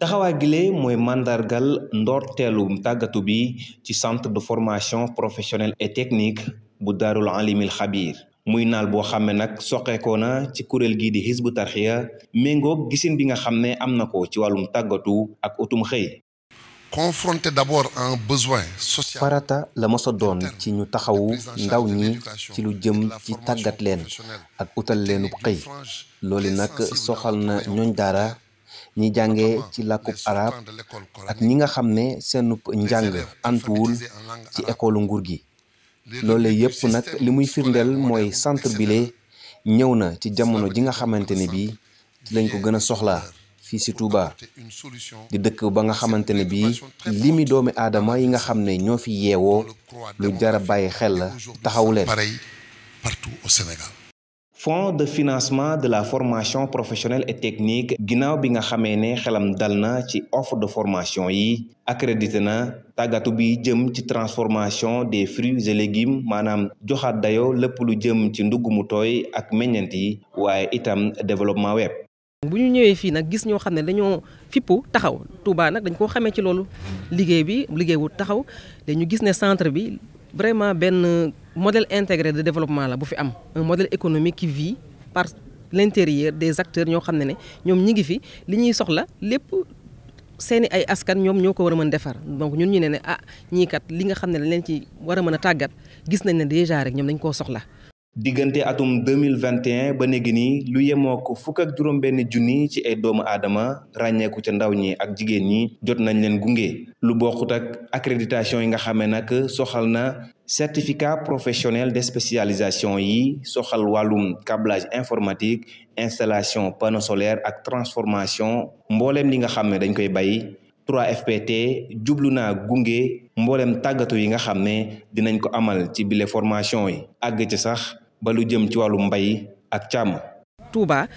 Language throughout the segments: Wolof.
taxawaa gilee mooy màndargal ndoorteelu tàggatu bi ci centre de formation professionnelle et technique bu daarul alimil xabiir muy naal boo xam nag soqeekoo na ci kuréel gii di bu Tarqiyyah méngoog gisin bi nga xam ne am na ko ci wàllum tàggatu ak utum xëy. confronté d'abord un besoin social. farata la mos a doon ci ñu taxawu ndaw ñi ci lu jëm ci tàggat leen ak utal leenu xëy loolu nag soxal na ñooñ daara. ñi jànge ci làkkub arab ak ñi nga xam ne seen njàng antuwul ci école nguur gi loole yëpp nag li muy firndeel mooy centre bile ñëw na ci jamono ji nga xamante ne bii ci lañ ko gën a soxlaa fii si Touba di dëkk ba nga xamante ne bii limi doomi aadama yi nga xam ne ñoo fi yeewoo lu jar a bàyyi xel la taxaw leen. fonds de financement de la formation professionnelle et technique ginnaaw bi nga xamee ne xelam dal na ci offre de formation yi accrédité na tàggatu bi jëm ci transformation des fruits et légumes maanaam joxaat dayo lépp lu jëm ci ndugg mu tooy ak meññeent yi waaye itam développement web. bu ñu ñëwee fii nag gis ñoo xam ne dañoo fippu taxaw Touba nag dañ koo xamee ci loolu liggéey bi liggéey wu taxaw dañu gis ne centre bi. vraiment benn model intégré de développement la bu fi am un modèle économique qui vit par l'intérieur des acteurs ñoo xam ne ne ñoom ñi ngi fi li ñuy soxla lépp seeni ay askan ñoom ñoo ko war a mën defar donc ñun ñu nee ne ah ñii kat li nga xam ne dañ leen ci war a mën a tàggat gis nañ ne déjà rek ñoom dañ koo soxla diggante atum deux mille vingt et ba léegi nii lu yemoo ko fukk ak juróom-benn junni ci ay doomu aadama ràññeeku ca ndaw ñi ak jigéen ñi jot nañ leen gunge lu bokkut ak accréditation yi nga xam ne nag soxal na certificat professionnel de spécialisation yi soxal wàllum câblage informatique installation panneau solaire ak transformation mbooleem li nga xam ne dañ koy bay 3FPT jublu naa gunge mbooleem tàggatu yi nga xam ne dinañ ko amal ci bile formation yi àgg ci sax. ba lu jëm ci wàllu mbay ak càmm. Touba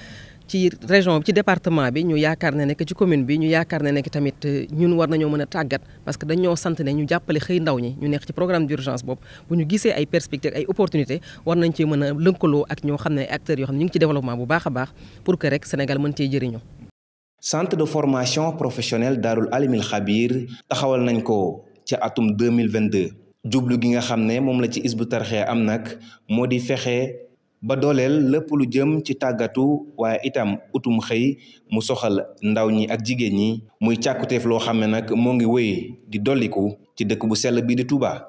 ci région bi ci département bi ñu yaakaar ne nekk ci commune bi ñu yaakaar na nekk tamit euh, ñun war nañoo mëna a tàggat parce que dañoo sant ne ñu jàppale xëy ndaw ñi ñu nekk ci programme d'urgence boobu bu ñu gisee ay perspectives ay opportunités war nañ ci mën a lëkkaloo ak ñoo xam ne ay yoo xam ne ñu ngi ci développement bu baax a baax pour que rek Sénégal mën cee jëriñu. centre de formation professionnelle Daarul Alimil Xabiir taxawal nañ ko ca atum 2022 jublu gi nga xam ne moom la ci isbu tarxee am nag moo di fexe ba dooleel lépp lu jëm ci tàggatu waaye itam utum xëy mu soxal ndaw ñi ak jigéen ñi muy càkkuteef loo xam ne nag moo ngi wéy di dolliku ci dëkk bu sell bii di tubaa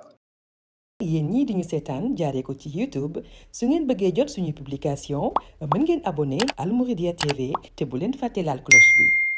yéen ñii di ñu seetaan jaaree ko ci YouTube su ngeen bëggee jot suñuy publication mën ngeen abonné Al Mouridiyyah TV te bu leen fatte laal cloche